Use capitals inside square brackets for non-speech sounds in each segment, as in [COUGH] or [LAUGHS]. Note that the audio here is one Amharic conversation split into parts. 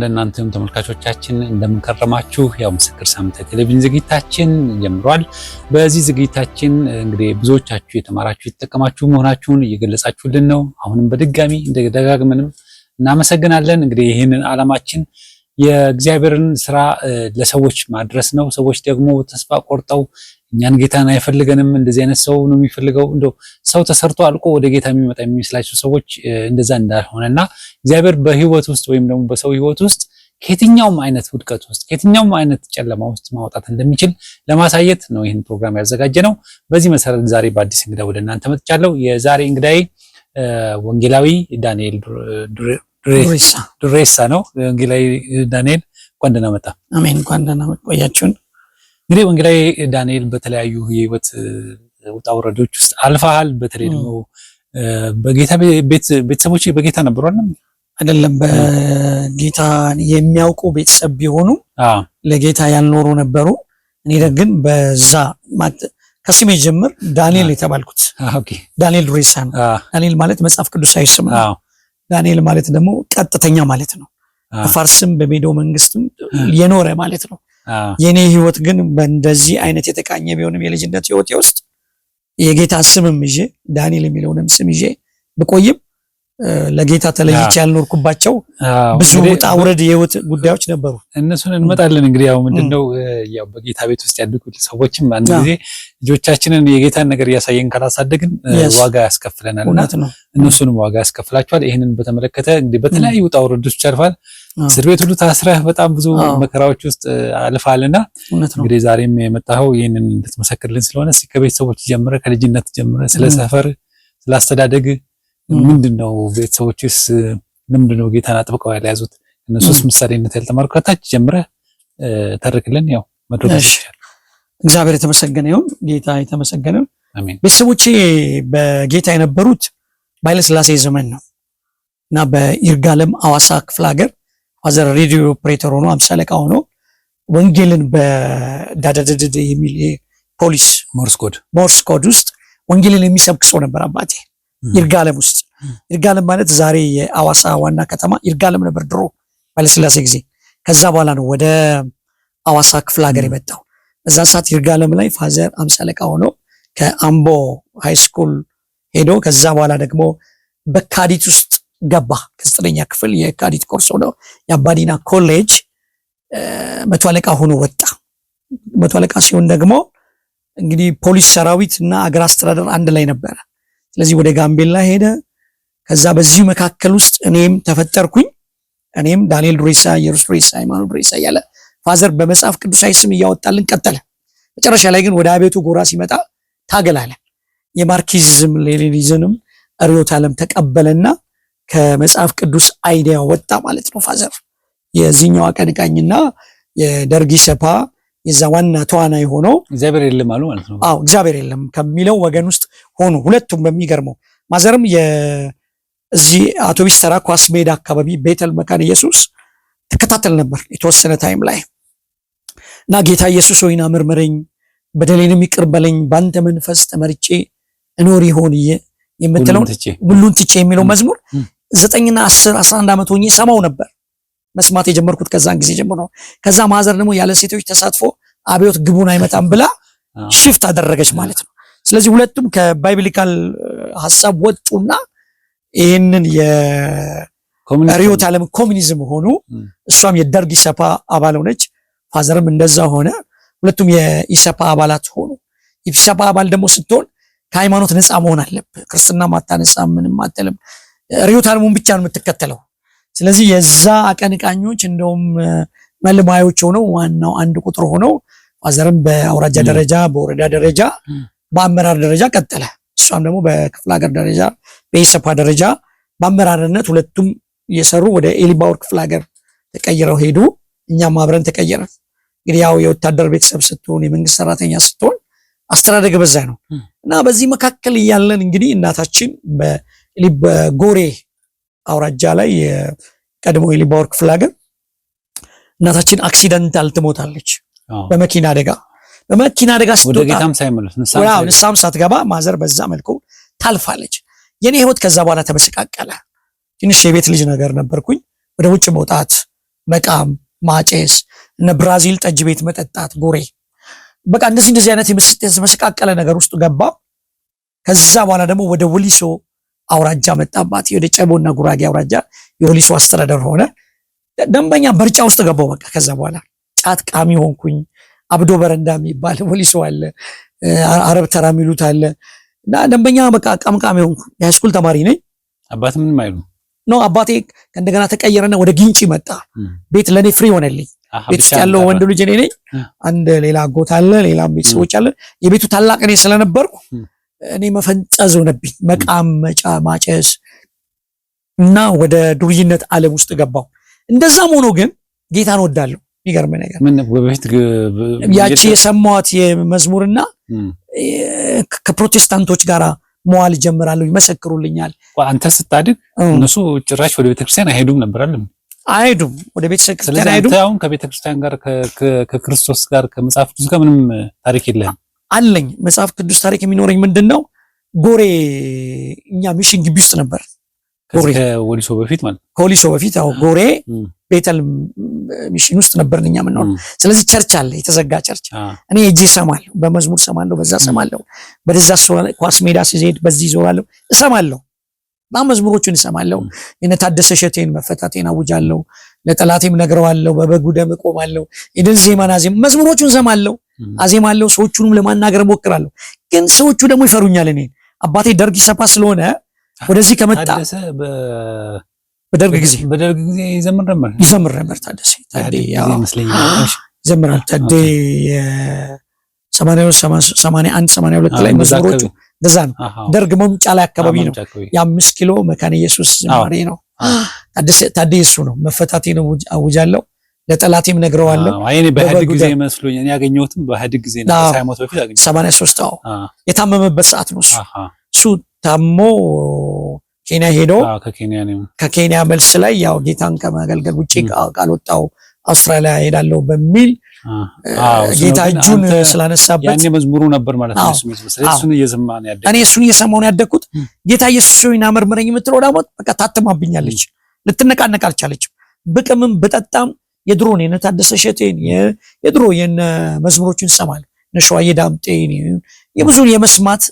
ለእናንተም ተመልካቾቻችን እንደምንከረማችሁ ያው ምስክር ሳምንት ቴሌቪዥን ዝግጅታችን ጀምሯል። በዚህ ዝግጅታችን እንግዲህ ብዙዎቻችሁ የተማራችሁ የተጠቀማችሁ መሆናችሁን እየገለጻችሁልን ነው። አሁንም በድጋሚ እንደደጋግመንም እናመሰግናለን። እንግዲህ ይህንን ዓላማችን የእግዚአብሔርን ስራ ለሰዎች ማድረስ ነው። ሰዎች ደግሞ ተስፋ ቆርጠው እኛን ጌታን አይፈልገንም፣ እንደዚህ አይነት ሰው ነው የሚፈልገው። እንደው ሰው ተሰርቶ አልቆ ወደ ጌታ የሚመጣ የሚመስላቸው ሰዎች እንደዛ እንዳልሆነና እግዚአብሔር በህይወት ውስጥ ወይም ደግሞ በሰው ህይወት ውስጥ ከየትኛውም አይነት ውድቀት ውስጥ ከየትኛውም አይነት ጨለማ ውስጥ ማውጣት እንደሚችል ለማሳየት ነው ይህን ፕሮግራም ያዘጋጀ ነው። በዚህ መሰረት ዛሬ በአዲስ እንግዳ ወደ እናንተ መጥቻለሁ። የዛሬ እንግዳዬ ወንጌላዊ ዳንኤል ዱሬሳ ነው። ወንጌላዊ ዳንኤል እንኳን ደህና መጣ። አሜን። እንኳን ደህና ቆያችሁን። እንግዲህ ወንጌላዊ ዳንኤል በተለያዩ የህይወት ውጣ ውረዶች ውስጥ አልፈሃል። በተለይ ደግሞ በጌታ ቤተሰቦች በጌታ ነበሩ አይደለም? በጌታ የሚያውቁ ቤተሰብ ቢሆኑ ለጌታ ያልኖሩ ነበሩ። እኔ ግን በዛ ከስሜ ጀምር ዳንኤል የተባልኩት ዳንኤል ዱሬሳ ነው። ዳንኤል ማለት መጽሐፍ ቅዱሳዊ ስም ነው። ዳንኤል ማለት ደግሞ ቀጥተኛ ማለት ነው። በፋርስም በሜዶ መንግስትም የኖረ ማለት ነው። የኔ ህይወት ግን በእንደዚህ አይነት የተቃኘ ቢሆንም የልጅነት ህይወቴ ውስጥ የጌታ ስምም ይዤ ዳንኤል የሚለውንም ስም ይዤ ብቆይም ለጌታ ተለይቼ ያልኖርኩባቸው ብዙ ውጣ ውረድ የህይወት ጉዳዮች ነበሩ። እነሱን እንመጣለን። እንግዲህ ያው ምንድነው ያው በጌታ ቤት ውስጥ ያደጉት ሰዎችም አንድ ጊዜ ልጆቻችንን የጌታን ነገር እያሳየን ካላሳደግን ዋጋ ያስከፍለናል እና እነሱንም ዋጋ ያስከፍላቸዋል። ይህንን በተመለከተ እንግዲህ በተለያዩ ውጣ ውረዶች ያልፋል። እስር ቤት ሁሉ ታስረህ በጣም ብዙ መከራዎች ውስጥ አልፋልና እንግዲህ ዛሬም የመጣኸው ይህንን እንድትመሰክርልን ስለሆነ ከቤተሰቦች ጀምረ ከልጅነት ጀምረ ስለ ሰፈር ስለ አስተዳደግ ምንድን ነው ቤተሰቦችስ ለምንድን ነው ጌታን አጥብቀው ያልያዙት? እነሱስ ምሳሌነት ያልተማርኩ ከታች ጀምረ ተርክልን። ያው መድረስ እግዚአብሔር የተመሰገነ ይሁን፣ ጌታ የተመሰገነ ቤተሰቦቼ በጌታ የነበሩት ባይለስላሴ ዘመን ነው እና በይርጋለም አዋሳ ክፍለ ሀገር ፋዘር ሬዲዮ ኦፕሬተር ሆኖ አምሳ አለቃ ሆኖ ወንጌልን በዳዳድድ የሚል ፖሊስ ሞርስ ኮድ ሞርስ ኮድ ውስጥ ወንጌልን የሚሰብክ ሰው ነበር አባቴ ይርጋለም ውስጥ ይርጋለም ማለት ዛሬ የአዋሳ ዋና ከተማ ይርጋለም ነበር ድሮ ባለስላሴ ጊዜ። ከዛ በኋላ ነው ወደ አዋሳ ክፍለ ሀገር የመጣው። በዛ ሰዓት ይርጋለም ላይ ፋዘር አምሳ አለቃ ሆኖ ከአምቦ ሃይስኩል ሄዶ ከዛ በኋላ ደግሞ በካዲት ውስጥ ገባ። ከዘጠነኛ ክፍል የካዲት ኮርስ ሆኖ የአባዲና ኮሌጅ መቶ አለቃ ሆኖ ወጣ። መቶ አለቃ ሲሆን ደግሞ እንግዲህ ፖሊስ ሰራዊት እና አገር አስተዳደር አንድ ላይ ነበረ። ስለዚህ ወደ ጋምቤላ ሄደ። ከዛ በዚህ መካከል ውስጥ እኔም ተፈጠርኩኝ። እኔም ዳንኤል ዱሬሳ፣ ኢየሩስ ዱሬሳ፣ ሃይማኖት ዱሬሳ እያለ ፋዘር በመጽሐፍ ቅዱሳዊ ስም እያወጣልን ቀጠለ። መጨረሻ ላይ ግን ወደ አቤቱ ጎራ ሲመጣ ታገላለ። የማርኪዝም ሌኒኒዝምም ርዕዮተ ዓለም ተቀበለና ከመጽሐፍ ቅዱስ አይዲያ ወጣ ማለት ነው። ፋዘር የዚህኛው አቀንቃኝና የደርግ ኢሰፓ የዛ ዋና ተዋናይ ሆኖ እግዚአብሔር የለም አሉ ማለት ነው። አዎ እግዚአብሔር የለም ከሚለው ወገን ውስጥ ሆኑ ሁለቱም። በሚገርመው ማዘርም እዚህ አውቶቢስ ተራ ኳስ ሜዳ አካባቢ ቤተል መካን ኢየሱስ ትከታተል ነበር የተወሰነ ታይም ላይ እና ጌታ ኢየሱስ ሆይና ምርምረኝ፣ በደሌንም ይቅርበለኝ በአንተ መንፈስ ተመርጬ እኖር ይሆን የምትለው ሁሉን ትቼ የሚለው መዝሙር ዘጠኝና አስር አስራ አንድ ዓመት ሆኜ ሰማው ነበር። መስማት የጀመርኩት ከዛን ጊዜ ጀምሮ ነው። ከዛ ማዘር ደግሞ ያለ ሴቶች ተሳትፎ አብዮት ግቡን አይመጣም ብላ [LAUGHS] ሽፍት አደረገች ማለት ነው። ስለዚህ ሁለቱም ከባይብሊካል ሀሳብ ወጡና ይህንን የሪዮት ዓለም ኮሚኒዝም ሆኑ። እሷም የደርግ ኢሰፓ አባል ሆነች፣ ፋዘርም እንደዛ ሆነ። ሁለቱም የኢሰፓ አባላት ሆኑ። ኢሰፓ አባል ደግሞ ስትሆን ከሃይማኖት ነፃ መሆን አለብ። ክርስትና ማታነጻ ምንም አትልም። ሪዮት ዓለሙን ብቻ ነው የምትከተለው። ስለዚህ የዛ አቀንቃኞች እንደውም መልማዮች ሆነው ዋናው አንድ ቁጥር ሆነው ፋዘርም በአውራጃ ደረጃ በወረዳ ደረጃ በአመራር ደረጃ ቀጠለ። እሷም ደግሞ በክፍለ ሀገር ደረጃ በኢሰፓ ደረጃ በአመራርነት ሁለቱም እየሰሩ ወደ ኤሊባወር ክፍለ ሀገር ተቀይረው ሄዱ። እኛም አብረን ተቀየረ። እንግዲህ ያው የወታደር ቤተሰብ ስትሆን የመንግስት ሰራተኛ ስትሆን አስተዳደግ በዛ ነው እና በዚህ መካከል እያለን እንግዲህ እናታችን በጎሬ አውራጃ ላይ የቀድሞ የሊባወር ክፍለ ሀገር እናታችን አክሲደንታል ትሞታለች በመኪና አደጋ። በመኪና አደጋ ስትወጣ ንሳም ሳትገባ ማዘር በዛ መልኩ ታልፋለች። የኔ ህይወት ከዛ በኋላ ተመሰቃቀለ። ትንሽ የቤት ልጅ ነገር ነበርኩኝ። ወደ ውጭ መውጣት፣ መቃም፣ ማጨስ፣ እነ ብራዚል ጠጅ ቤት መጠጣት፣ ጎሬ በቃ እንደዚህ እንደዚህ አይነት የተመሰቃቀለ ነገር ውስጥ ገባ። ከዛ በኋላ ደግሞ ወደ ወሊሶ አውራጃ መጣባት። ወደ ጨቦና ጉራጌ አውራጃ የወሊሶ አስተዳደር ሆነ። ደንበኛ በርጫ ውስጥ ገባው። በቃ ከዛ በኋላ ጫት ቃሚ ሆንኩኝ። አብዶ በረንዳ የሚባል ሞሊሶ አለ፣ አረብ ተራ የሚሉት አለ። እና ደንበኛ በቃ ቀምቃሚ ሆንኩ። የሃይስኩል ተማሪ ነኝ። አባት ምንም አይሉ ነው። አባቴ እንደገና ተቀየረና ወደ ግንጪ መጣ። ቤት ለእኔ ፍሪ ሆነልኝ። ቤት ውስጥ ያለው ወንድ ልጅ እኔ ነኝ። አንድ ሌላ አጎት አለ፣ ሌላ ቤተሰቦች አለ። የቤቱ ታላቅ እኔ ስለነበርኩ እኔ መፈንጸዝ ሆነብኝ። መቃም፣ መጫ፣ ማጨስ እና ወደ ዱርይነት ዓለም ውስጥ ገባው እንደዛም ሆኖ ግን ጌታን ወዳለሁ። የሚገርም ነገር ያቺ የሰማት የመዝሙርና ከፕሮቴስታንቶች ጋር መዋል ጀምራለሁ ይመሰክሩልኛል። አንተ ስታድግ እነሱ ጭራሽ ወደ ቤተክርስቲያን አይሄዱም ነበር አይደል? አይሄዱም ወደ ቤተክርስቲያን አይሄዱም። አሁን ከቤተክርስቲያን ጋር ከክርስቶስ ጋር ከመጽሐፍ ቅዱስ ጋር ምንም ታሪክ የለህም? አለኝ። መጽሐፍ ቅዱስ ታሪክ የሚኖረኝ ምንድን ነው? ጎሬ እኛ ሚሽን ግቢ ውስጥ ነበር። ከወሊሶ በፊት ማለት ከወሊሶ በፊት ያው ጎሬ ቤተል ሚሽን ውስጥ ነበርን እኛ የምንሆን። ስለዚህ ቸርች አለ፣ የተዘጋ ቸርች። እኔ እጄ እሰማለሁ፣ በመዝሙር እሰማለሁ፣ በዛ እሰማለሁ፣ በደዛ ኳስ ሜዳ ሲሄድ በዚህ ይዞራለሁ፣ እሰማለሁ። በጣም መዝሙሮቹን እሰማለሁ። የነታደሰ እሸቴን መፈታቴን አውጃለሁ፣ ለጠላቴም ነግረዋለሁ፣ በበጉ ደም እቆማለሁ፣ የድል ዜማን አዜም መዝሙሮቹን እሰማለሁ፣ አዜማለሁ። ሰዎቹንም ለማናገር እሞክራለሁ፣ ግን ሰዎቹ ደግሞ ይፈሩኛል። እኔ አባቴ ደርግ ኢሰፓ ስለሆነ ወደዚህ ከመጣ በደርግ ጊዜ በደርግ ጊዜ ይዘምር ነበር ይዘምር ነበር ታደሰ ይዘምራል። ታዴ ሰማንያ አንድ ሰማንያ ሁለት ላይ መዝሙሮቹ እንደዛ ነው። ደርግ መምጫ ላይ አካባቢ ነው። የአምስት ኪሎ መካነ ኢየሱስ ዝማሬ ነው። ታዴ እሱ ነው መፈታቴን አውጃለሁ ለጠላቴም ነግረዋለሁ። ጊዜ እኔ ያገኘሁትም ጊዜ ነው። ሳይሞት ያገኘሁት ሰማንያ ሶስት የታመመበት ሰዓት ነው እሱ ታሞ ኬንያ ሄዶ ከኬንያ መልስ ላይ ያው ጌታን ከማገልገል ውጭ ካልወጣው አውስትራሊያ ሄዳለሁ በሚል ጌታ እጁን ስላነሳበት መዝሙሩ ነበር ማለት ነው። እኔ እሱን እየሰማሁ ያደግኩት ጌታ ኢየሱስ ሆይ መርምረኝ የምትለው ደግሞ በቃ ታትማብኛለች። ልትነቃነቅ አልቻለችም። ብቅምም ብጠጣም የድሮን የነ ታደሰ እሸቴን የድሮ የነ መዝሙሮችን ሰማል እነ ሸዋዬ ዳምጤን የብዙን የመስማት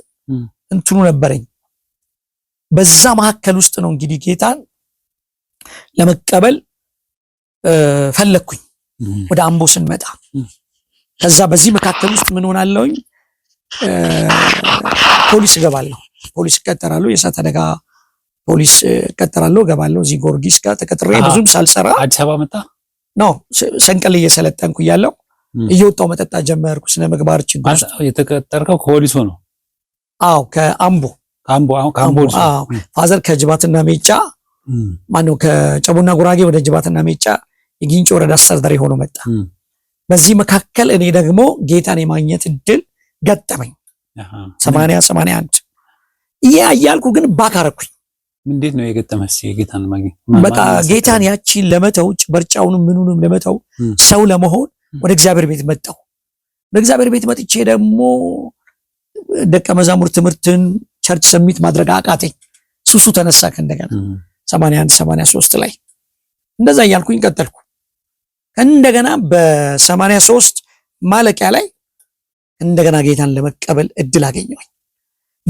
እንትኑ ነበረኝ። በዛ መካከል ውስጥ ነው እንግዲህ ጌታን ለመቀበል ፈለግኩኝ። ወደ አምቦ ስንመጣ ከዛ በዚህ መካከል ውስጥ ምን ሆናለሁኝ? ፖሊስ እገባለሁ፣ ፖሊስ እቀጠራለሁ። የእሳት አደጋ ፖሊስ እቀጠራለሁ፣ እገባለሁ። እዚህ ጊዮርጊስ ጋር ተቀጥሬ ብዙም ሳልሰራ አዲስ አበባ መጣ ነው ሰንቀል እየሰለጠንኩ እያለሁ እየወጣው መጠጣ ጀመርኩ። ስነ ምግባር ችግር የተቀጠርከው ከፖሊሱ ነው? አዎ ከአምቦ ፋዘር ከጅባትና ሜጫ ማነው ከጨቡና ጉራጌ ወደ ጅባትና ሜጫ የጊንጪ ወረዳ አስተዳዳሪ ሆኖ መጣ። በዚህ መካከል እኔ ደግሞ ጌታን የማግኘት እድል ገጠመኝ። ሰማንያ ሰማንያ አንድ ይሄ አያልኩ ግን ባካረኩኝ። እንዴት ነው የገጠመስ? የጌታን ማግኘት በቃ ጌታን ያቺን ለመተው ጭበርጫውንም ምኑንም ለመተው ሰው ለመሆን ወደ እግዚአብሔር ቤት መጣሁ። ወደ እግዚአብሔር ቤት መጥቼ ደግሞ ደቀ መዛሙር ትምህርትን ቸርች ሰሚት ማድረግ አቃተኝ። ሱሱ ተነሳ ከእንደገና 81 83 ላይ እንደዛ እያልኩኝ ቀጠልኩ። እንደገና በ83 ማለቂያ ላይ እንደገና ጌታን ለመቀበል እድል አገኘሁኝ።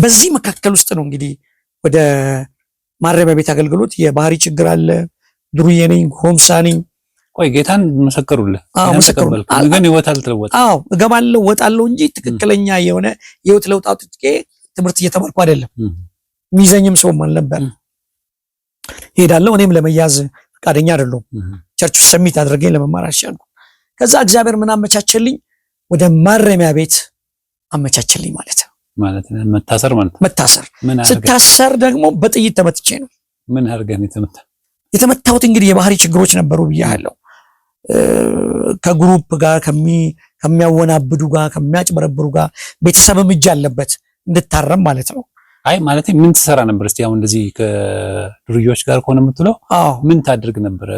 በዚህ መካከል ውስጥ ነው እንግዲህ ወደ ማረሚያ ቤት አገልግሎት የባህሪ ችግር አለ፣ ዱርዬ ነኝ፣ ሆምሳ ነኝ። ቆይ ጌታን መሰከሩልህ? አዎ መሰከሩልህ። ግን ህይወት አልተለወጠ። አዎ እገባለሁ ወጣለሁ እንጂ ትክክለኛ የሆነ የህይወት ለውጥ አውጥቼ ትምህርት እየተማርኩ አይደለም። የሚይዘኝም ሰውም አልነበር። ሄዳለሁ እኔም ለመያዝ ፈቃደኛ አይደለሁም። ቸርች ውስጥ ሰሚት አድርገኝ ለመማር አልቻልኩ። ከዛ እግዚአብሔር ምን አመቻቸልኝ? ወደ ማረሚያ ቤት አመቻቸልኝ ማለት ነው። ማለት ነው መታሰር ማለት ነው መታሰር። ስታሰር ደግሞ በጥይት ተመትቼ ነው። ምን አድርገህ የተመታ? የተመታሁት እንግዲህ የባህሪ ችግሮች ነበሩ ብያለሁ። ከግሩፕ ጋር ከሚያወናብዱ ጋር ከሚያጭበረብሩ ጋር ቤተሰብም እጅ አለበት። እንድታረም ማለት ነው። አይ ማለት ምን ትሰራ ነበር? እስቲ አሁን እንደዚህ ከዱርዬዎች ጋር ከሆነ የምትለው ምን ታደርግ ነበር?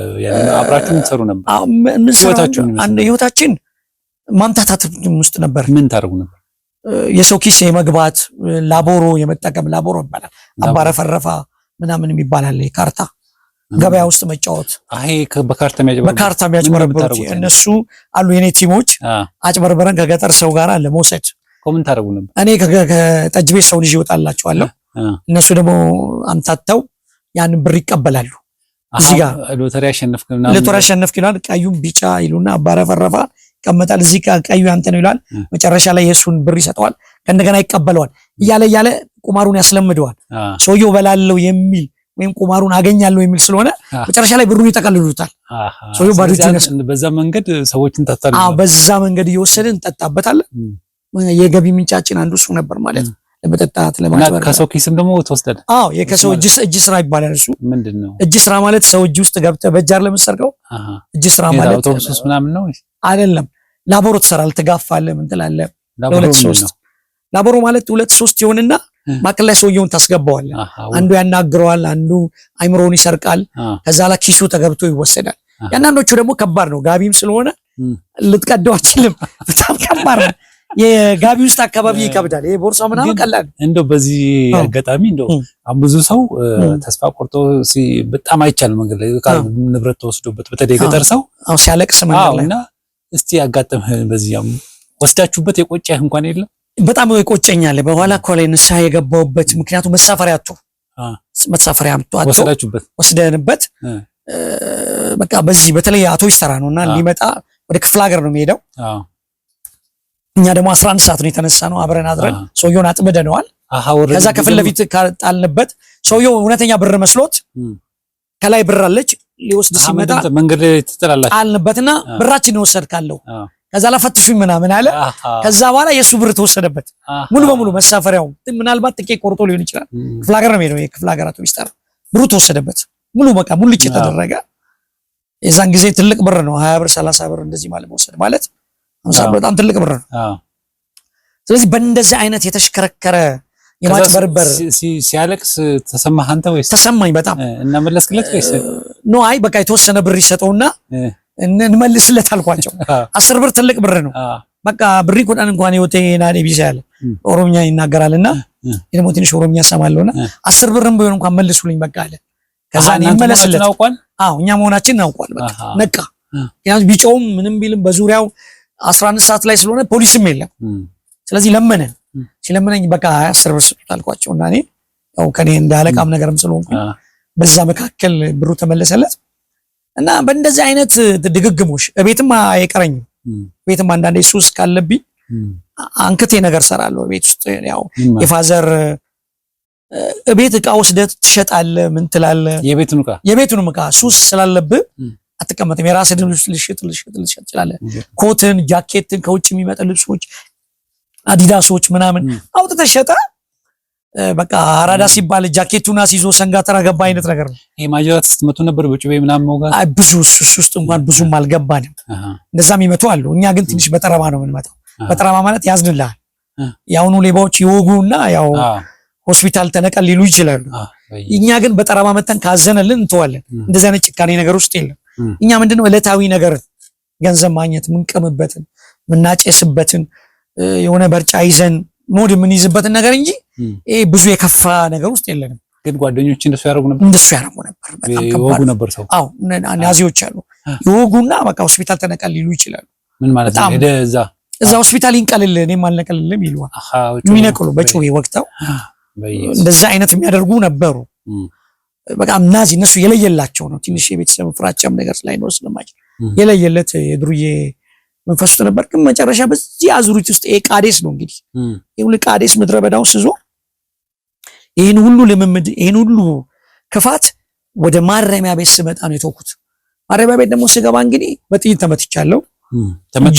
አብራችሁ ምን ትሰሩ ነበር? አዎ ምን ሰራችሁ? ህይወታችን ማምታታት ውስጥ ነበር። ምን ታደርጉ ነበር? የሰው ኪስ የመግባት ላቦሮ የመጠቀም ላቦሮ ይባላል። አባረፈረፋ ምናምን የሚባላል ካርታ ገበያ ውስጥ መጫወት አይ በካርታ የሚያጭበረብሩት እነሱ አሉ። የኔ ቲሞች አጭበርበረን ከገጠር ሰው ጋር ለመውሰድ ኮመንት አደረጉ ነበር። እኔ ከጠጅ ቤት ሰውን ይዤ እወጣላቸዋለሁ። እነሱ ደግሞ አምታተው ያንን ብር ይቀበላሉ። እዚህ ጋር ሎተሪ አሸነፍክ ይሏል። ቀዩም ቢጫ ይሉና አባረፈረፋ ይቀመጣል። እዚህ ጋር ቀዩ ያንተ ነው ይሏል። መጨረሻ ላይ የእሱን ብር ይሰጠዋል። ከእንደገና ይቀበለዋል። እያለ እያለ ቁማሩን ያስለምደዋል። ሰውየው በላለው የሚል ወይም ቁማሩን አገኛለሁ የሚል ስለሆነ መጨረሻ ላይ ብሩን ይጠቀልሉታል። ሰውየው ባዶ በዛ መንገድ ሰዎችን በዛ መንገድ እየወሰድን እንጠጣበታለን። የገቢ ምንጫችን አንዱ እሱ ነበር ማለት ነው። ለመጠጣት ለማጭበር ከሰው ኪስም ደግሞ ተወሰደ። አዎ የከሰው እጅ እጅ ስራ ይባላል። እሱ ምንድን ነው እጅ ስራ ማለት? ሰው እጅ ውስጥ ገብተህ በጃር ለምሰርቀው የምትሰርቀው። እጅ ስራ ማለት አውቶቡስ ውስጥ ምናምን ነው አይደለም። ላቦሮ ትሰራለህ፣ ትጋፋለህ፣ ምን ትላለህ። ለሁለት ሶስት ላቦሮ ማለት ሁለት ሶስት ይሆንና ማዕከል ላይ ሰውየውን ታስገባዋለህ። አንዱ ያናግረዋል፣ አንዱ አይምሮውን ይሰርቃል። ከዛ ላይ ኪሱ ተገብቶ ይወሰዳል። ያንዳንዶቹ ደግሞ ከባድ ነው፣ ጋቢም ስለሆነ ልትቀደው አችልም። በጣም ከባድ ነው። የጋቢ ውስጥ አካባቢ ይከብዳል። ይሄ ቦርሳ ምናምን ቀላል እንደው በዚህ አጋጣሚ እንደው አሁን ብዙ ሰው ተስፋ ቆርጦ በጣም አይቻል መንገድ ላይ ንብረት ተወስዶበት በተለይ ገጠር ሰው አው ሲያለቅስ መንገድ ላይ እና እስቲ ያጋጠምህን በዚህ ወስዳችሁበት የቆጨህ እንኳን የለም? በጣም ይቆጨኛል። በኋላ እኮ ላይ ንስሐ የገባሁበት ምክንያቱ መሳፈሪያ አጥቶ መሳፈሪያ አምጡ አጡ ወስዳችሁበት ወስደንበት በቃ በዚህ በተለይ አቶ ይሰራ ነውና ሊመጣ ወደ ክፍለ ሀገር ነው የሚሄደው እኛ ደግሞ 11 ሰዓት ነው የተነሳ ነው። አብረን አድረን ሰውየውን አጥምደነዋል። ከዛ ከፊት ለፊት ጣልንበት። ሰውየው እውነተኛ ብር መስሎት ከላይ ብር አለች ሊወስድ ሲመጣ መንገድ ላይ ትጥላላችሁ ጣልንበትና ብራችን ወሰድካለው ከዛ ላፈትሹኝ ምናምን አለ። ከዛ በኋላ የእሱ ብር ተወሰደበት ሙሉ በሙሉ መሳፈሪያው፣ ምናልባት ጥቄ ቆርጦ ሊሆን ይችላል። ክፍለ ሀገር ነው የሚሄደው የክፍለ ሀገራቱ ሚስጠር ብሩ ተወሰደበት ሙሉ በቃ ሙሉ ሙልጭ ተደረገ። የዛን ጊዜ ትልቅ ብር ነው ሀያ ብር ሰላሳ ብር እንደዚህ ማለት መውሰድ ማለት በጣም ትልቅ ብር ነው። ስለዚህ በእንደዚህ አይነት የተሽከረከረ የማጭበርበር ሲያለቅስ ተሰማህ አንተ ወይስ ተሰማኝ? በጣም እናመለስክለት ወይስ ኖ? አይ በቃ የተወሰነ ብር ይሰጠውና እንመልስለት አልኳቸው። አስር ብር ትልቅ ብር ነው። በቃ ብሪ ቁጣን እንኳን ህይወቴ ናዴ ቢሳ ያለ ኦሮምኛ ይናገራልና ደግሞ ትንሽ ኦሮምኛ ሰማለሁና አስር ብርም ቢሆን እንኳን መልሱልኝ በቃ አለ። ከዛ ይመለስለት። አዎ እኛ መሆናችን እናውቋል። በቃ ነቃ። ቢጮውም ምንም ቢልም በዙሪያው አስራ አንድ ሰዓት ላይ ስለሆነ ፖሊስም የለም። ስለዚህ ለመነን። ሲለምነኝ በቃ አስር ብር ስጡት አልኳቸው እና እኔ ያው ከኔ እንዳለቃም ነገርም በዛ መካከል ብሩ ተመለሰለት እና በእንደዚህ አይነት ድግግሞች ቤትም አይቀረኝም። ቤትም አንዳንዴ ሱስ ካለብኝ አንክቴ ነገር ሰራለሁ። ቤት ውስጥ ያው የፋዘር ቤት እቃ ወስደህ ትሸጣለህ፣ ምን ትላለህ? የቤቱን እቃ የቤቱን እቃ ሱስ ስላለብህ አትቀመጥም። የራስህን ልብስ ልሽጥ ልሽጥ ልሽጥ ትችላለህ። ኮትን፣ ጃኬትን ከውጭ የሚመጣ ልብሶች፣ አዲዳሶች ምናምን አውጥተህ ሸጠህ በቃ አራዳ ሲባል ጃኬቱን አስይዞ ሰንጋተራ ገባ አይነት ነገር ነው። ይሄ ማጅራት ስትመቱ ነበር በጩቤ ምናምን መውጋት። አይ ብዙ እሱ ውስጥ እንኳን ብዙም አልገባንም። እንደዛ የሚመቱ አሉ። እኛ ግን ትንሽ በጠረማ ነው የምንመታው። በጠረማ ማለት ያዝንልሃል። የአሁኑ ሌባዎች ይወጉና ያው ሆስፒታል ተነቀል ሊሉ ይችላሉ። እኛ ግን በጠረማ መተን ካዘነልን እንተዋለን። እንደዚህ አይነት ጭካኔ ነገር ውስጥ የለም። እኛ ምንድነው እለታዊ ነገር ገንዘብ ማግኘት ምንቀምበትን ምናጨስበትን የሆነ በርጫ ይዘን ሞድ የምንይዝበትን ነገር እንጂ ይሄ ብዙ የከፋ ነገር ውስጥ የለንም። ግን ጓደኞች እንደሱ ያደርጉ ነበር፣ እንደሱ ያደርጉ ነበር፣ በጣም ከባድ ነበር። ሰው አዎ፣ ናዚዎች አሉ ይወጉና በቃ ሆስፒታል ተነቀል ሊሉ ይችላሉ። ምን ማለት ነው? ሄደ እዛ እዛ ሆስፒታል ይንቀልል እኔም አልነቀልልም ይሉ የሚነቅሉ በጩቤ ወቅተው እንደዛ አይነት የሚያደርጉ ነበሩ። በጣም ናዚ እነሱ የለየላቸው ነው። ትንሽ የቤተሰብ ፍራቻም ነገር ስላይኖር ስለማይችል የለየለት የድሩዬ መንፈስ ውስጥ ነበር። ግን መጨረሻ በዚህ አዙሪት ውስጥ ይሄ ቃዴስ ነው እንግዲህ ይሁን ቃዴስ ምድረ በዳው ስዞ ይህን ሁሉ ልምምድ ይህን ሁሉ ክፋት ወደ ማረሚያ ቤት ስመጣ ነው የተውኩት። ማረሚያ ቤት ደግሞ ስገባ እንግዲህ በጥይት ተመትቻለሁ።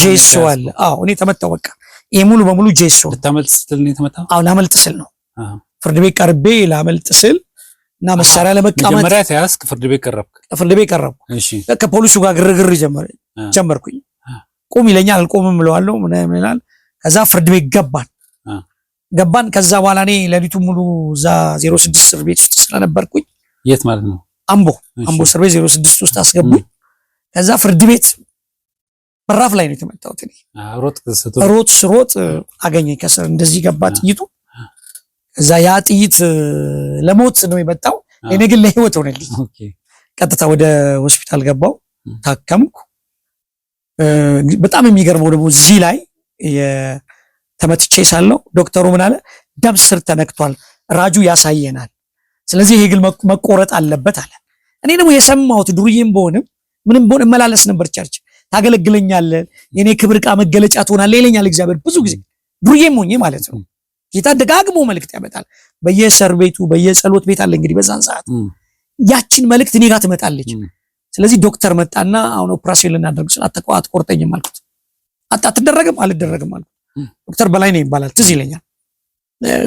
ጄሶ አለ። አዎ እኔ ተመታው። በቃ ይሄ ሙሉ በሙሉ ጄሶ። ልታመልጥ ስትል ነው የተመታው? አዎ ላመልጥ ስል ነው። ፍርድ ቤት ቀርቤ ላመልጥ ስል እና መሳሪያ ለመቃመጥ መጀመሪያ ተያዝክ፣ ፍርድ ቤት ቀረብክ። ፍርድ ቤት ቀረብኩ። እሺ ከፖሊሱ ጋር ግርግር ጀመርኩኝ። ቁም ይለኛል፣ አልቆምም እለዋለሁ። ምን ይላል? ከዛ ፍርድ ቤት ገባን ገባን። ከዛ በኋላ እኔ ሌሊቱ ሙሉ እዛ ስድስት እስር ቤት ውስጥ ስለነበርኩኝ የት ማለት ነው? አምቦ አምቦ እስር ቤት ስድስት ውስጥ አስገቡኝ። ከዛ ፍርድ ቤት በራፍ ላይ ነው የተመጣሁት። እኔ ሮጥ ሮጥ አገኘኝ ከስር እንደዚህ ገባ ጥይቱ እዛ ያ ጥይት ለሞት ነው የመጣው። እኔ ግን ለህይወት ሆነልኝ። ቀጥታ ወደ ሆስፒታል ገባው፣ ታከምኩ። በጣም የሚገርመው ደግሞ እዚህ ላይ ተመትቼ ሳለው ዶክተሩ ምን አለ፣ ደም ስር ተነክቷል፣ ራጁ ያሳየናል፣ ስለዚህ ይሄ ግን መቆረጥ አለበት አለ። እኔ ደግሞ የሰማሁት ዱርዬም በሆንም ምንም በሆን እመላለስ ነበር። ቸርች ታገለግለኛለህ፣ የእኔ ክብር ዕቃ መገለጫ ትሆናለህ ይለኛል እግዚአብሔር ብዙ ጊዜ ዱርዬም ሆኜ ማለት ነው። ጌታ ደጋግሞ መልእክት ያመጣል። በየእስር ቤቱ በየጸሎት ቤት አለ እንግዲህ በዛን ሰዓት ያችን መልእክት እኔ ጋር ትመጣለች። ስለዚህ ዶክተር መጣና አሁን ኦፕራሲዮን ልናደርግ ስለ አትቆ አትቆርጠኝም አልኩት። አጣ አትደረግም አልደረግም አልኩት። ዶክተር በላይ ነው ይባላል ትዝ ይለኛል።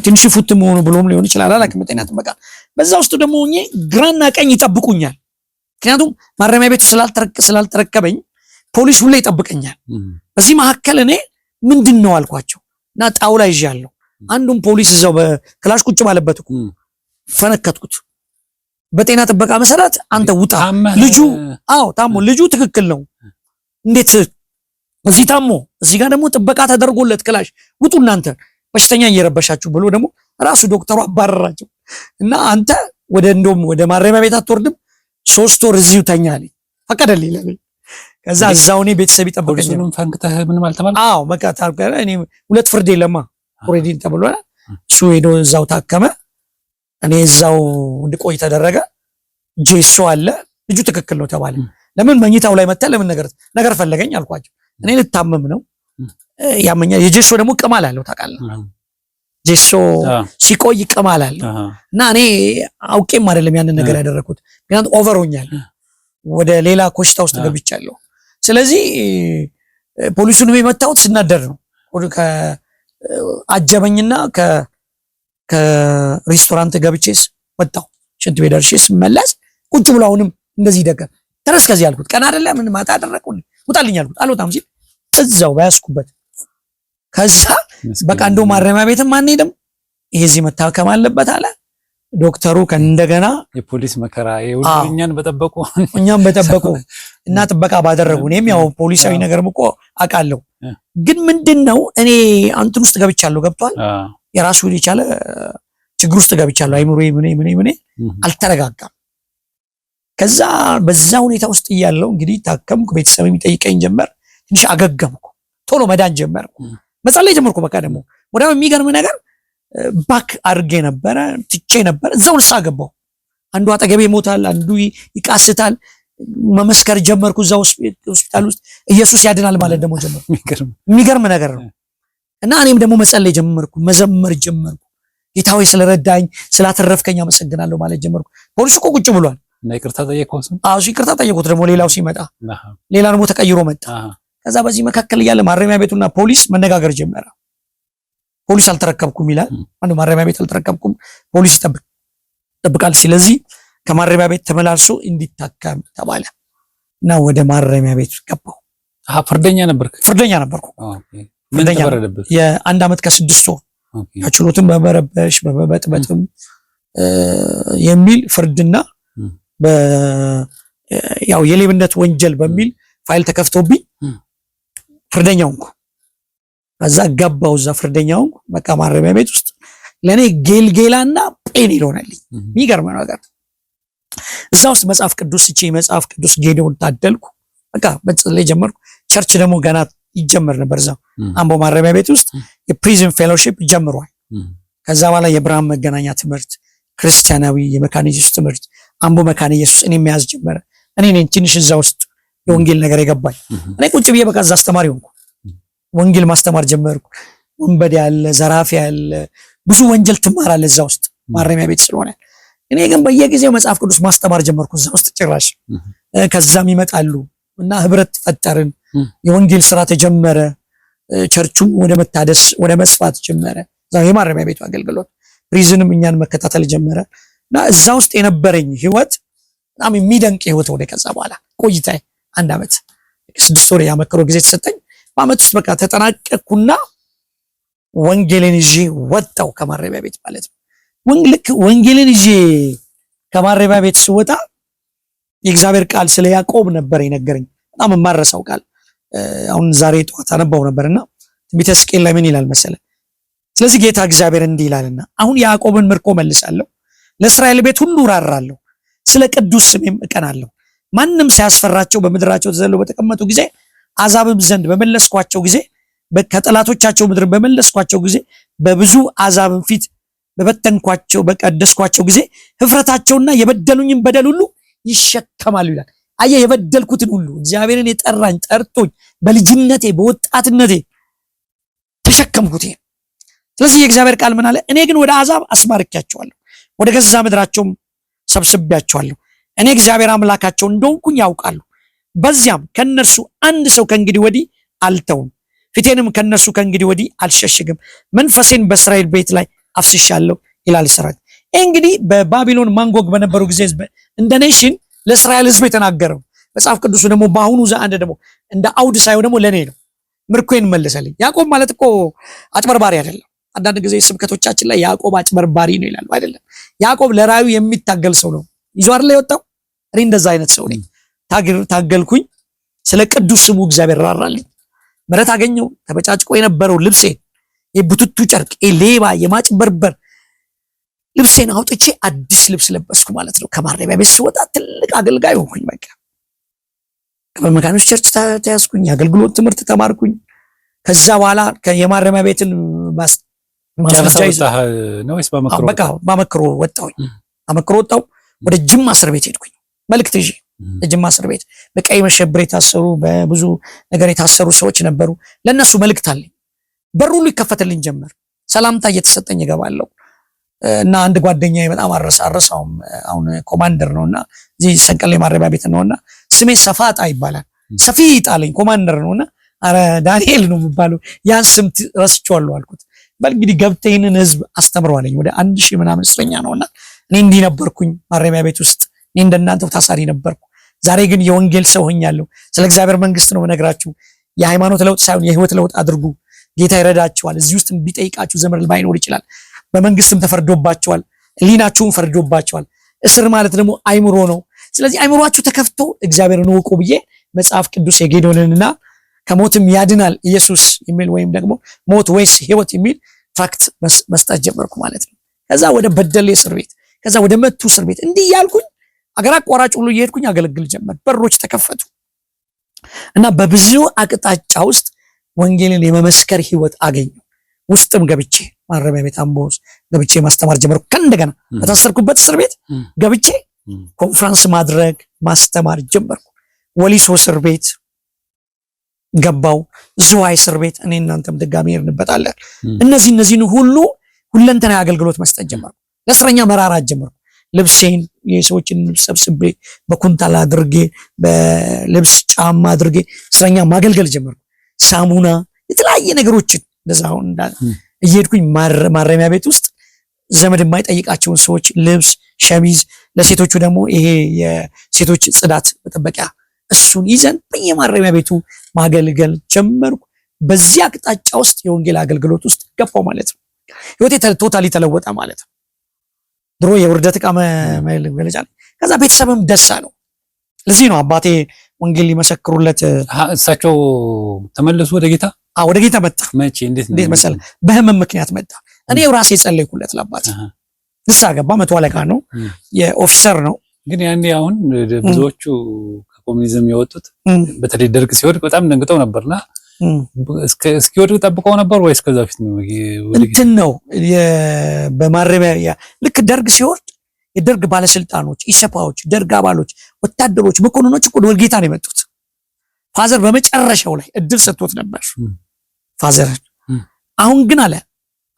ትንሽ ፉት መሆኑ ብሎም ሊሆን ይችላል አላውቅም። ጤና ጥበቃ በዛ ውስጥ ደግሞ እኔ ግራና ቀኝ ይጠብቁኛል። ምክንያቱም ማረሚያ ቤቱ ስላልተረከበኝ ፖሊስ ሁላ ይጠብቀኛል። በዚህ መካከል እኔ ምንድን ነው አልኳቸው እና ጣውላ ይዣለሁ አንዱን ፖሊስ እዛው በክላሽ ቁጭ ባለበት እኮ ፈነከትኩት። በጤና ጥበቃ መሰረት አንተ ውጣ ልጁ። አዎ ታሞ ልጁ ትክክል ነው። እንዴት እዚህ ታሞ እዚህ ጋር ደግሞ ጥበቃ ተደርጎለት ክላሽ ውጡ እናንተ በሽተኛ እየረበሻችሁ ብሎ ደግሞ ራሱ ዶክተሩ አባረራቸው እና አንተ ወደ እንደውም ወደ ማረሚያ ቤት አትወርድም፣ ሶስት ወር እዚሁ ተኛ አለኝ። ፈቀደልኝ ለኔ። ከዛ እዛው እኔ ቤተሰብ ይጠብቀኛል። ፈንክተህ ምንም አልተባልኩም። አዎ በቃ እኔ ሁለት ፍርድ የለማ ኮሬዲን ተብሎናል። እሱ ሄዶ እዛው ታከመ። እኔ እዛው እንድቆይ ተደረገ። ጄሶ አለ ልጁ ትክክል ነው ተባለ። ለምን መኝታው ላይ መጣ? ለምን ነገር ነገር ፈለገኝ አልኳቸው። እኔ ልታመም ነው ያመኛል። የጄሶ ደግሞ ቅማል አለው ታውቃለህ። ጄሶ ሲቆይ ቅማል አለው እና እኔ አውቄም አይደለም ያንን ነገር ያደረኩት፣ ምክንያቱም ኦቨሮኛል፣ ወደ ሌላ ኮሽታ ውስጥ ገብቻለሁ። ስለዚህ ፖሊሱን የመታሁት ስናደር ነው አጀበኝና ከ ከሬስቶራንት ገብቼስ ወጣሁ። ሽንት ቤት ደርሼ ስመለስ ቁጭ ብሎ አሁንም እንደዚህ ደገም ተረስ ከዚህ አልኩት። ቀን አይደለ ምን ማታ አደረኩልኝ ውጣልኝ አልኩት። አልወጣም ሲል እዛው በያዝኩበት። ከዛ በቃ እንደው ማረሚያ ቤትም አንሄድም ይሄ እዚህ መታከም አለበት አለ ዶክተሩ። ከእንደገና የፖሊስ መከራ እኛን በጠበቁ እኛም በጠበቁ [LAUGHS] እና ጥበቃ ባደረጉ እኔም ያው ፖሊሳዊ ነገርም እኮ አውቃለሁ። ግን ምንድን ነው እኔ አንትን ውስጥ ገብቻለሁ። ገብቷል። የራሱ የቻለ ችግር ውስጥ ገብቻለሁ። አይምሮ ምኔ ምኔ ምኔ አልተረጋጋም። ከዛ በዛ ሁኔታ ውስጥ እያለው እንግዲህ ታከምኩ። ቤተሰብ የሚጠይቀኝ ጀመር። ትንሽ አገገምኩ። ቶሎ መዳን ጀመርኩ። መጸለይ ጀመርኩ። በቃ ደግሞ ወዲያው የሚገርም ነገር ባክ አድርጌ ነበረ ትቼ ነበረ። እዛው ንስሐ ገባሁ። አንዱ አጠገቤ ይሞታል፣ አንዱ ይቃስታል፣ መመስከር ጀመርኩ። እዛ ሆስፒታል ውስጥ ኢየሱስ ያድናል ማለት ደግሞ ጀመርኩ። የሚገርም ነገር ነው። እና እኔም ደግሞ መጸለይ ጀመርኩ፣ መዘመር ጀመርኩ። ጌታ ሆይ ስለረዳኝ ስላተረፍከኝ አመሰግናለሁ ማለት ጀመርኩ። ፖሊሱ እኮ ቁጭ ብሏል። እና ይቅርታ ጠየቁት። ይቅርታ ጠየቁት። ደግሞ ሌላው ሲመጣ ሌላ ደግሞ ተቀይሮ መጣ። ከዛ በዚህ መካከል እያለ ማረሚያ ቤቱና ፖሊስ መነጋገር ጀመረ። ፖሊስ አልተረከብኩም ይላል። ማረሚያ ቤት አልተረከብኩም፣ ፖሊስ ይጠብቃል። ስለዚህ ከማረሚያ ቤት ተመላልሶ እንዲታከም ተባለ እና ወደ ማረሚያ ቤት ገባው። ፍርደኛ ነበር ፍርደኛ ነበርኩ። የአንድ አመት ከስድስት ወር ችሎትን በመረበሽ በመበጥበጥም የሚል ፍርድና ያው የሌብነት ወንጀል በሚል ፋይል ተከፍቶብኝ ፍርደኛ እንኳ ከዛ ገባው እዛ ፍርደኛ ፍርደኛው በቃ ማረሚያ ቤት ውስጥ ለእኔ ጌልጌላና ጴን ይልሆናልኝ የሚገርመ ነገር እዛ ውስጥ መጽሐፍ ቅዱስ እቺ መጽሐፍ ቅዱስ ጌዲዮን ታደልኩ። በቃ መጸለይ ጀመርኩ። ቸርች ደግሞ ገና ይጀመር ነበር። እዛው አምቦ ማረሚያ ቤት ውስጥ የፕሪዝን ፌሎሺፕ ጀምሯል። ከዛ በኋላ የብርሃን መገናኛ ትምህርት፣ ክርስቲያናዊ የመካነ ኢየሱስ ትምህርት አምቦ መካነ ኢየሱስ እኔ መያዝ ጀመረ። እኔ ነኝ ትንሽ እዛ ውስጥ የወንጌል ነገር የገባኝ። እኔ ቁጭ ብዬ በቃ እዛ አስተማሪ ሆንኩ። ወንጌል ማስተማር ጀመርኩ። ወንበዴ ያለ፣ ዘራፊ ያለ፣ ብዙ ወንጀል ትማራለህ እዛ ውስጥ ማረሚያ ቤት ስለሆነ እኔ ግን በየጊዜው መጽሐፍ ቅዱስ ማስተማር ጀመርኩ። እዛ ውስጥ ጭራሽ ከዛም ይመጣሉ እና ህብረት ፈጠርን። የወንጌል ስራ ተጀመረ። ቸርቹ ወደ መታደስ ወደ መስፋት ጀመረ። እዛው የማረሚያ ቤቱ አገልግሎት ፕሪዝንም እኛን መከታተል ጀመረ እና እዛ ውስጥ የነበረኝ ህይወት በጣም የሚደንቅ ህይወት ወደ ከዛ በኋላ ቆይታ አንድ አመት ስድስት ወር ያመክሮ ጊዜ ተሰጠኝ። በአመት ውስጥ በቃ ተጠናቀቅኩና ወንጌልን ይዤ ወጣው ከማረሚያ ቤት ማለት ነው። ልክ ወንጌልን ይዤ ከማረቢያ ቤት ስወጣ የእግዚአብሔር ቃል ስለ ያዕቆብ ነበር የነገረኝ። በጣም የማረሳው ቃል አሁን ዛሬ ጠዋት አነባው ነበርና ትንቢተ ሕዝቅኤል ላይ ምን ይላል መሰለ? ስለዚህ ጌታ እግዚአብሔር እንዲህ ይላልና አሁን ያዕቆብን ምርኮ መልሳለሁ፣ ለእስራኤል ቤት ሁሉ ራራለሁ፣ ስለ ቅዱስ ስሜም እቀናለሁ። ማንም ሳያስፈራቸው በምድራቸው ተዘለው በተቀመጡ ጊዜ አዛብም ዘንድ በመለስኳቸው ጊዜ ከጠላቶቻቸው ምድር በመለስኳቸው ጊዜ በብዙ አዛብም ፊት በበተንኳቸው በቀደስኳቸው ጊዜ ህፍረታቸውና የበደሉኝን በደል ሁሉ ይሸከማሉ ይላል። አየህ፣ የበደልኩትን ሁሉ እግዚአብሔርን የጠራኝ ጠርቶኝ በልጅነቴ በወጣትነቴ ተሸከምኩት። ስለዚህ የእግዚአብሔር ቃል ምን አለ? እኔ ግን ወደ አሕዛብ አስማርኪያቸዋለሁ፣ ወደ ገዛ ምድራቸውም ሰብስቢያቸዋለሁ። እኔ እግዚአብሔር አምላካቸው እንደሆንኩኝ ያውቃሉ። በዚያም ከእነርሱ አንድ ሰው ከእንግዲህ ወዲህ አልተውም፣ ፊቴንም ከእነርሱ ከእንግዲህ ወዲህ አልሸሽግም። መንፈሴን በእስራኤል ቤት ላይ አፍስሻለሁ ይላል ስራት። ይህ እንግዲህ በባቢሎን ማንጎግ በነበሩ ጊዜ እንደ ኔሽን ለእስራኤል ህዝብ የተናገረው መጽሐፍ ቅዱሱ ደግሞ በአሁኑ ዘአንድ ደግሞ እንደ አውድ ሳይሆን ደግሞ ለእኔ ነው። ምርኮን መለሰልኝ። ያዕቆብ ማለት እኮ አጭበርባሪ አይደለም። አንዳንድ ጊዜ ስብከቶቻችን ላይ ያዕቆብ አጭበርባሪ ነው ይላሉ። አይደለም፣ ያዕቆብ ለራዩ የሚታገል ሰው ነው። ይዞ አይደለ የወጣው። እኔ እንደዛ አይነት ሰው ነኝ። ታገልኩኝ፣ ስለ ቅዱስ ስሙ እግዚአብሔር ራራልኝ፣ ምሕረት አገኘው። ተበጫጭቆ የነበረው ልብሴ የብትቱ ጨርቅ የሌባ የማጭበርበር ልብሴን አውጥቼ አዲስ ልብስ ለበስኩ ማለት ነው። ከማረቢያ ቤት ስወጣ ትልቅ አገልጋይ ሆንኩኝ። በቃ በመካኖች ቸርች ተያዝኩኝ። የአገልግሎት ትምህርት ተማርኩኝ። ከዛ በኋላ የማረሚያ ቤትን በአመክሮ ወጣሁኝ። አመክሮ ወጣሁ። ወደ ጅማ እስር ቤት ሄድኩኝ። መልክት ይዤ ጅማ እስር ቤት በቀይ መሸብር የታሰሩ በብዙ ነገር የታሰሩ ሰዎች ነበሩ። ለእነሱ መልክት አለኝ። በሩ ሁሉ ይከፈትልኝ ጀመር። ሰላምታ እየተሰጠኝ እገባለሁ እና አንድ ጓደኛ በጣም አረሳ አረሳውም አሁን ኮማንደር እና እዚህ ሰንቀሌ ማረቢያ ቤት ነውና ስሜ ሰፋጣ ይባላል። ሰፊ ጣለኝ ኮማንደር እና አረ ዳንኤል ነው የሚባለው ያን ስም ረስቼዋለሁ አልኩት። በእንግዲህ ገብተህ ይህንን ህዝብ አስተምረዋለኝ ወደ አንድ ሺህ ምናምን እስረኛ እና እኔ እንዲህ ነበርኩኝ ማረሚያ ቤት ውስጥ እኔ እንደናንተው ታሳሪ ነበርኩ። ዛሬ ግን የወንጌል ሰው ሆኛለሁ። ስለ እግዚአብሔር መንግስት ነው ነግራችሁ የሃይማኖት ለውጥ ሳይሆን የህይወት ለውጥ አድርጉ ጌታ ይረዳቸዋል። እዚህ ውስጥም ቢጠይቃችሁ ዘመድ ባይኖር ይችላል። በመንግስትም ተፈርዶባቸዋል፣ ህሊናችሁም ፈርዶባቸዋል። እስር ማለት ደግሞ አይምሮ ነው። ስለዚህ አይምሯችሁ ተከፍቶ እግዚአብሔርን እወቁ ብዬ መጽሐፍ ቅዱስ የጌዶንንና ከሞትም ያድናል ኢየሱስ የሚል ወይም ደግሞ ሞት ወይስ ህይወት የሚል ትራክት መስጠት ጀመርኩ ማለት ነው። ከዛ ወደ በደሌ እስር ቤት፣ ከዛ ወደ መቱ እስር ቤት እንዲህ ያልኩኝ አገር አቋራጭ ሁሉ እየሄድኩኝ አገለግል ጀመር። በሮች ተከፈቱ እና በብዙ አቅጣጫ ውስጥ ወንጌልን የመመስከር ህይወት አገኘው። ውስጥም ገብቼ ማረሚያ ቤት አምቦ ገብቼ ማስተማር ጀመርኩ። ከእንደገና በታሰርኩበት እስር ቤት ገብቼ ኮንፍራንስ ማድረግ ማስተማር ጀመርኩ። ወሊሶ እስር ቤት ገባው። ዝዋይ እስር ቤት እኔ እናንተም ድጋሚ ይርንበታለን። እነዚህ እነዚህን ሁሉ ሁለንተና አገልግሎት መስጠት ጀመርኩ። ለእስረኛ መራራት ጀመርኩ። ልብሴን የሰዎችን ልብስ ሰብስቤ በኩንታል አድርጌ በልብስ ጫማ አድርጌ እስረኛ ማገልገል ጀመርኩ። ሳሙና፣ የተለያየ ነገሮችን እንደዛ አሁን እየሄድኩኝ ማረሚያ ቤት ውስጥ ዘመድ የማይጠይቃቸውን ሰዎች ልብስ፣ ሸሚዝ ለሴቶቹ ደግሞ ይሄ የሴቶች ጽዳት መጠበቂያ እሱን ይዘን በየማረሚያ ቤቱ ማገልገል ጀመርኩ። በዚህ አቅጣጫ ውስጥ የወንጌል አገልግሎት ውስጥ ገባው ማለት ነው። ህይወቴ ቶታሊ ተለወጠ ማለት ነው። ድሮ የውርደት እቃ መግለጫ፣ ከዛ ቤተሰብም ደሳ ነው። ለዚህ ነው አባቴ ወንጌል ሊመሰክሩለት እሳቸው ተመለሱ ወደ ጌታ። አዎ ወደ ጌታ መጣ። መቼ እንዴት እንዴት መሰለ በህመም ምክንያት መጣ። እኔ ራሴ ጸለይኩለት ለአባት ንሳ ገባ። መቶ አለቃ ነው፣ የኦፊሰር ነው። ግን ያኔ አሁን ብዙዎቹ ከኮሚኒዝም የወጡት በተለይ ደርግ ሲወድቅ በጣም ደንግጠው ነበርና እስኪወድቅ ጠብቀው ነበር ወይስ ከዛ በፊት ነው? እንትን ነው በማረሚያ ልክ ደርግ ሲወርድ የደርግ ባለስልጣኖች፣ ኢሰፓዎች፣ ደርግ አባሎች፣ ወታደሮች፣ መኮንኖች እኮ ወልጌታ ነው የመጡት። ፋዘር በመጨረሻው ላይ እድል ሰጥቶት ነበር ፋዘርን። አሁን ግን አለ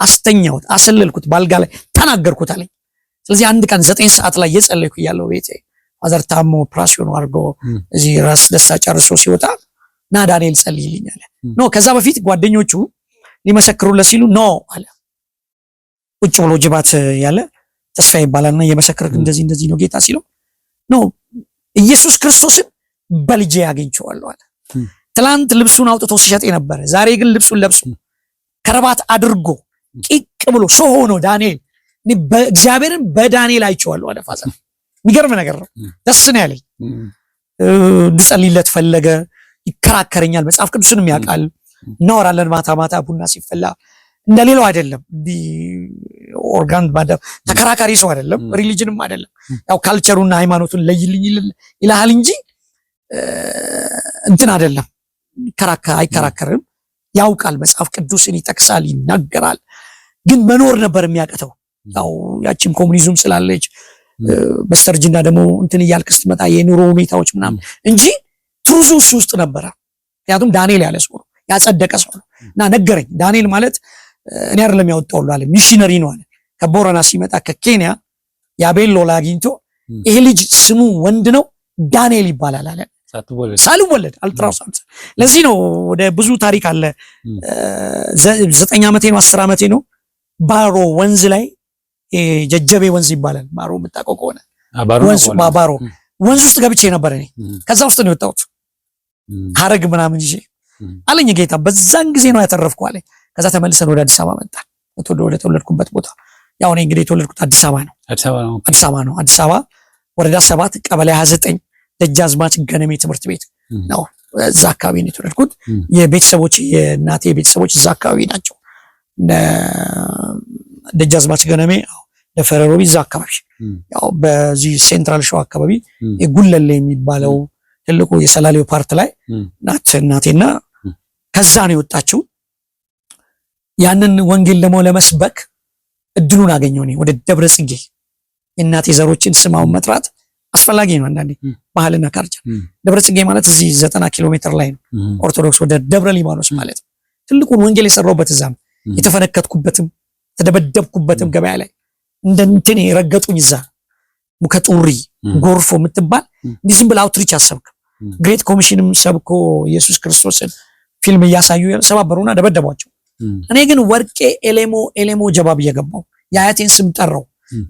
አስተኛሁት፣ አሰለልኩት፣ ባልጋ ላይ ተናገርኩት አለኝ። ስለዚህ አንድ ቀን ዘጠኝ ሰዓት ላይ እየጸለይኩ እያለሁ ቤቴ ፋዘር ታሞ ኦፕራሲዮን አድርጎ እዚህ ራስ ደስታ ጨርሶ ሲወጣ ና ዳንኤል ጸልይልኝ አለ። ኖ ከዛ በፊት ጓደኞቹ ሊመሰክሩለት ሲሉ ኖ አለ። ቁጭ ብሎ ጅባት ያለ ተስፋ ይባላልና የመሰከርክ እንደዚህ እንደዚህ ነው ጌታ ሲለው ኖ ኢየሱስ ክርስቶስን በልጄ አግኝቼዋለሁ አለ። ትላንት ልብሱን አውጥቶ ሲሸጥ የነበረ ዛሬ ግን ልብሱን ለብሶ ከረባት አድርጎ ቂቅ ብሎ ሾ ሆኖ ዳንኤል እግዚአብሔርን በዳንኤል አይቼዋለሁ አለ። ፋዘር የሚገርም ነገር ነው። ደስ ነው ያለኝ። እንድጸልይለት ፈለገ። ይከራከረኛል። መጽሐፍ ቅዱስንም ያውቃል። እናወራለን ማታ ማታ ቡና ሲፈላ እንደሌላው አይደለም። ኦርጋን ተከራካሪ ሰው አይደለም፣ ሪሊጅንም አይደለም። ያው ካልቸሩና ሃይማኖቱን ለይልኝ ይልሃል እንጂ እንትን አይደለም። አይከራከርም። ያውቃል፣ መጽሐፍ ቅዱስን ይጠቅሳል፣ ይናገራል። ግን መኖር ነበር የሚያቀተው። ያው ያቺም ኮሙኒዝም ስላለች በስተርጅና ደግሞ እንትን እያልክ ስትመጣ የኑሮ ሁኔታዎች ምናምን እንጂ ትሩዙ እሱ ውስጥ ነበረ። ምክንያቱም ዳንኤል ያለ ሰው ነው፣ ያጸደቀ ሰው ነው እና ነገረኝ ዳንኤል ማለት እኔ አይደለም ያወጣው አለ ሚሽነሪ ነው አለ። ከቦረና ሲመጣ ከኬንያ ያቤሎ ላይ አግኝቶ ይሄ ልጅ ስሙ ወንድ ነው ዳንኤል ይባላል አለ። ሳልወለድ አልትራሳውንድ። ለዚህ ነው ወደ ብዙ ታሪክ አለ። ዘጠኝ ዓመቴ ነው አስር ዓመቴ ነው ባሮ ወንዝ ላይ ጀጀቤ ወንዝ ይባላል። ባሮ የምታውቀው ከሆነ ባሮ ወንዝ ውስጥ ገብቼ ነበር እኔ። ከዛ ውስጥ ነው የወጣሁት ሀረግ ምናምን ይዤ አለኝ ጌታ። በዛን ጊዜ ነው ያተረፍኩ አለኝ። ከዛ ተመልሰን ወደ አዲስ አበባ መጣን። ወደ ተወለድኩበት ቦታ ያው እኔ እንግዲህ የተወለድኩት አዲስ አበባ ነው። አዲስ አበባ ነው። አዲስ አበባ ወረዳ ሰባት ቀበሌ ዘጠኝ ደጃዝማች ገነሜ ትምህርት ቤት ነው። እዛ አካባቢ ነው የተወለድኩት። የቤተሰቦች የእናቴ ቤተሰቦች እዛ አካባቢ ናቸው። ደጃዝማች ገነሜ ለፈረሮቢ እዛ አካባቢ ያው በዚህ ሴንትራል ሸዋ አካባቢ የጉለሌ የሚባለው ትልቁ የሰላሌው ፓርት ላይ ናት እናቴና ከዛ ነው የወጣችው። ያንን ወንጌል ደግሞ ለመስበክ እድሉን አገኘው። እኔ ወደ ደብረ ጽጌ የእናቴ ዘሮችን ስማውን መጥራት አስፈላጊ ነው። አንዳንዴ ባህልና ካልቸር ደብረ ጽጌ ማለት እዚህ ዘጠና ኪሎ ሜትር ላይ ነው። ኦርቶዶክስ ወደ ደብረ ሊባኖስ ማለት ነው። ትልቁን ወንጌል የሰራሁበት እዛም የተፈነከትኩበትም የተደበደብኩበትም ገበያ ላይ እንደ ረገጡኝ። እዛ ሙከጡሪ ጎርፎ የምትባል እንዲህ ዝም ብለህ አውትሪች አሰብክ። ግሬት ኮሚሽንም ሰብኮ ኢየሱስ ክርስቶስን ፊልም እያሳዩ ሰባበሩና ደበደቧቸው። እኔ ግን ወርቄ ኤሌሞ ኤሌሞ ጀባብ እየገባው የአያቴን ስም ጠራው።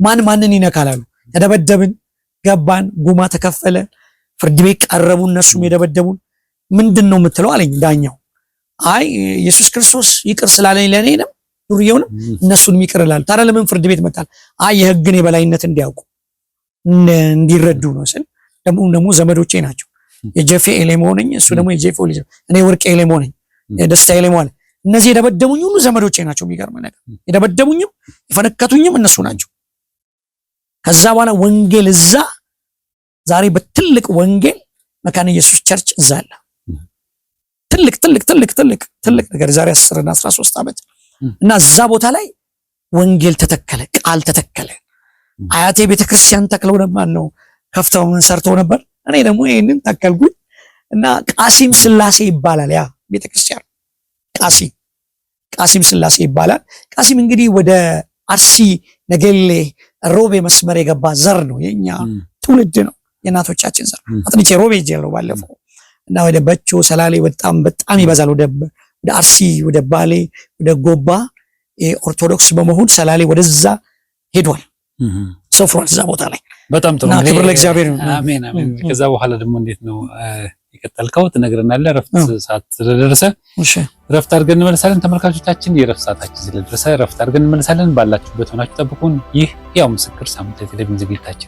ማን ማንን ይነካላሉ። ተደበደብን፣ ገባን፣ ጉማ ተከፈለ፣ ፍርድ ቤት ቀረቡ። እነሱም የደበደቡን ምንድን ነው የምትለው አለኝ ዳኛው። አይ ኢየሱስ ክርስቶስ ይቅር ስላለኝ ለእኔ ነው ዱርዬውንም እነሱንም ይቅር እላለሁ። ታዲያ ለምን ፍርድ ቤት መጣል? አይ የህግን የበላይነት እንዲያውቁ እንዲረዱ ነው ስል ደግሞ ደግሞ ዘመዶቼ ናቸው። የጀፌ ኤሌሞ ነኝ፣ እሱ ደግሞ የጀፌ ልጅ። እኔ ወርቄ ኤሌሞ ነኝ፣ ደስታ ኤሌሞ አለ እነዚህ የደበደቡኝ ሁሉ ዘመዶቼ ናቸው። የሚገርም ነገር የደበደቡኝም የፈነከቱኝም እነሱ ናቸው። ከዛ በኋላ ወንጌል እዛ ዛሬ በትልቅ ወንጌል መካነ ኢየሱስ ቸርች እዛ አለ። ትልቅ ትልቅ ትልቅ ትልቅ ትልቅ ነገር ዛሬ 10 እና 13 ዓመት እና እዛ ቦታ ላይ ወንጌል ተተከለ፣ ቃል ተተከለ። አያቴ ቤተክርስቲያን ተክለው ነማን ነው ከፍተው ሰርተው ነበር። እኔ ደግሞ ይሄንን ተከልኩኝ እና ቃሲም ስላሴ ይባላል ያ ቤተክርስቲያን ቃሲም ቃሲም ስላሴ ይባላል። ቃሲም እንግዲህ ወደ አርሲ ነገሌ ሮቤ መስመር የገባ ዘር ነው። የኛ ትውልድ ነው፣ የእናቶቻችን ዘር አጥንቼ ሮቤ ጀለው ባለፈው እና ወደ በቾ ሰላሌ በጣም በጣም ይበዛል። ወደ አርሲ፣ ወደ ባሌ፣ ወደ ጎባ ኦርቶዶክስ በመሆን ሰላሌ ወደዛ ሄዷል፣ ሰፍሯል እዛ ቦታ ላይ በጣም ጥሩ ክብር ለእግዚአብሔር። አሜን አሜን። ከዛ በኋላ ደግሞ እንዴት ነው የቀጠልከው? ትነግረናለህ። ረፍት ሰዓት ስለደረሰ ረፍት አድርገን እንመለሳለን። ተመልካቾቻችን የረፍት ሰዓታችን ስለደረሰ ረፍት አድርገን እንመለሳለን። ባላችሁበት ሆናችሁ ጠብቁን። ይህ ያው ምስክር ሳምንት የቴሌቪዥን ዝግጅታችን